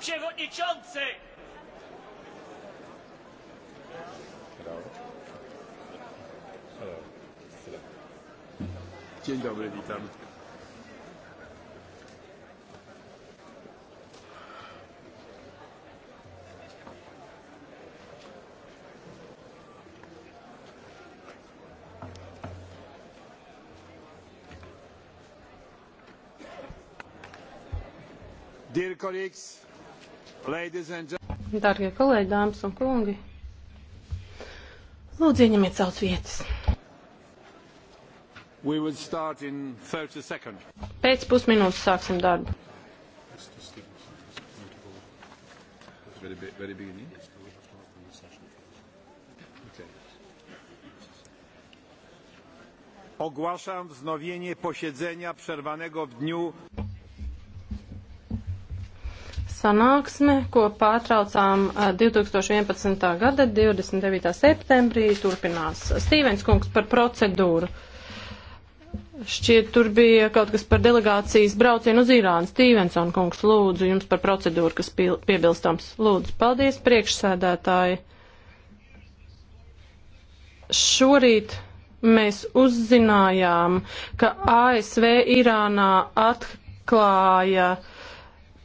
przewodniczący! Hello. Hello. Hello. Dzień dobry, witam. Dear colleagues, Darbie kolēģi, dāmas un kungi, lūdzu ieņemiet savas vietas. Pēc pusminūtes sāksim darbu. Very, very beginning. ogłaszam wznowienie posiedzenia przerwanego w dniu sanāksme, ko pārtraucām 2011. Eh, gada 29. septembrī, turpinās Stīvens kungs par procedūru. Šķiet, tur bija kaut kas par delegācijas braucienu uz Irānu. Stīvenson kungs, lūdzu, jums par procedūru, kas piebilstams. Lūdzu, paldies, priekšsēdētāji. Šorīt mēs uzzinājām, ka ASV Irānā atklāja uh,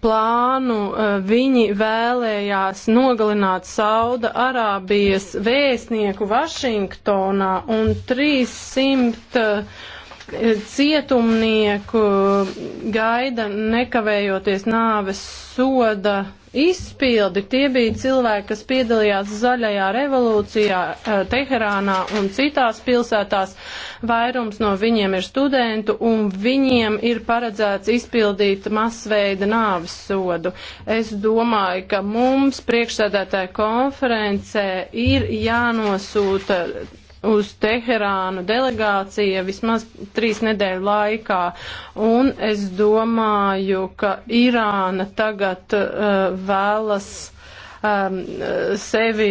plānu eh, viņi vēlējās nogalināt Sauda Arābijas vēstnieku Vašingtonā un 300 Cietumnieku gaida nekavējoties nāves soda izpildi. Tie bija cilvēki, kas piedalījās zaļajā revolūcijā eh, Teherānā un citās pilsētās. Vairums no viņiem ir studentu un viņiem ir paredzēts izpildīt masveida nāves sodu. Es domāju, ka mums priekšsēdētāja konferencē ir jānosūta uz Teherānu delegācija vismaz trīs nedēļu laikā. Un es domāju, ka Irāna tagad uh, vēlas um, sevi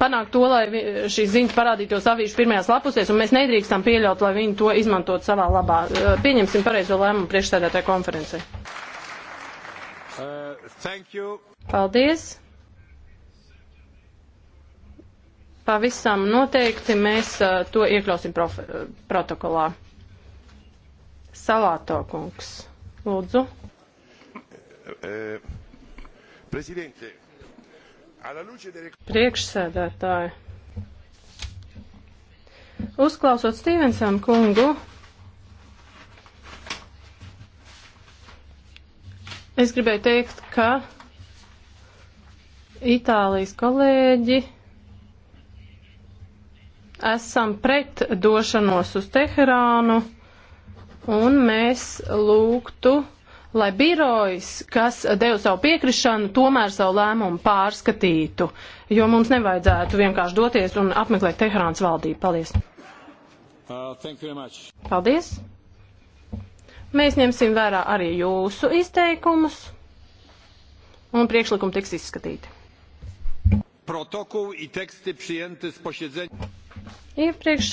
panākt to, lai šīs ziņas parādītos avīšu pirmajās lapusēs, un mēs nedrīkstam pieļaut, lai viņi to izmantot savā labā. Uh, pieņemsim pareizo lēmumu priekšstādātāju konferencē. Uh, Paldies! Pavisam noteikti mēs uh, to iekļausim prof, protokolā. Salāto kungs, lūdzu. E, Priekšsēdētāji. Uzklausot Stevensonu kungu, es gribēju teikt, ka Itālijas kolēģi esam pret došanos uz Teherānu un mēs lūgtu, lai birojs, kas deva savu piekrišanu, tomēr savu lēmumu pārskatītu, jo mums nevajadzētu vienkārši doties un apmeklēt Teherānas valdību. Paldies! Uh, Paldies! Mēs ņemsim vērā arī jūsu izteikumus un priekšlikumi tiks izskatīti. Protokol i teksti prijenti z posiedzenia. Iepriekš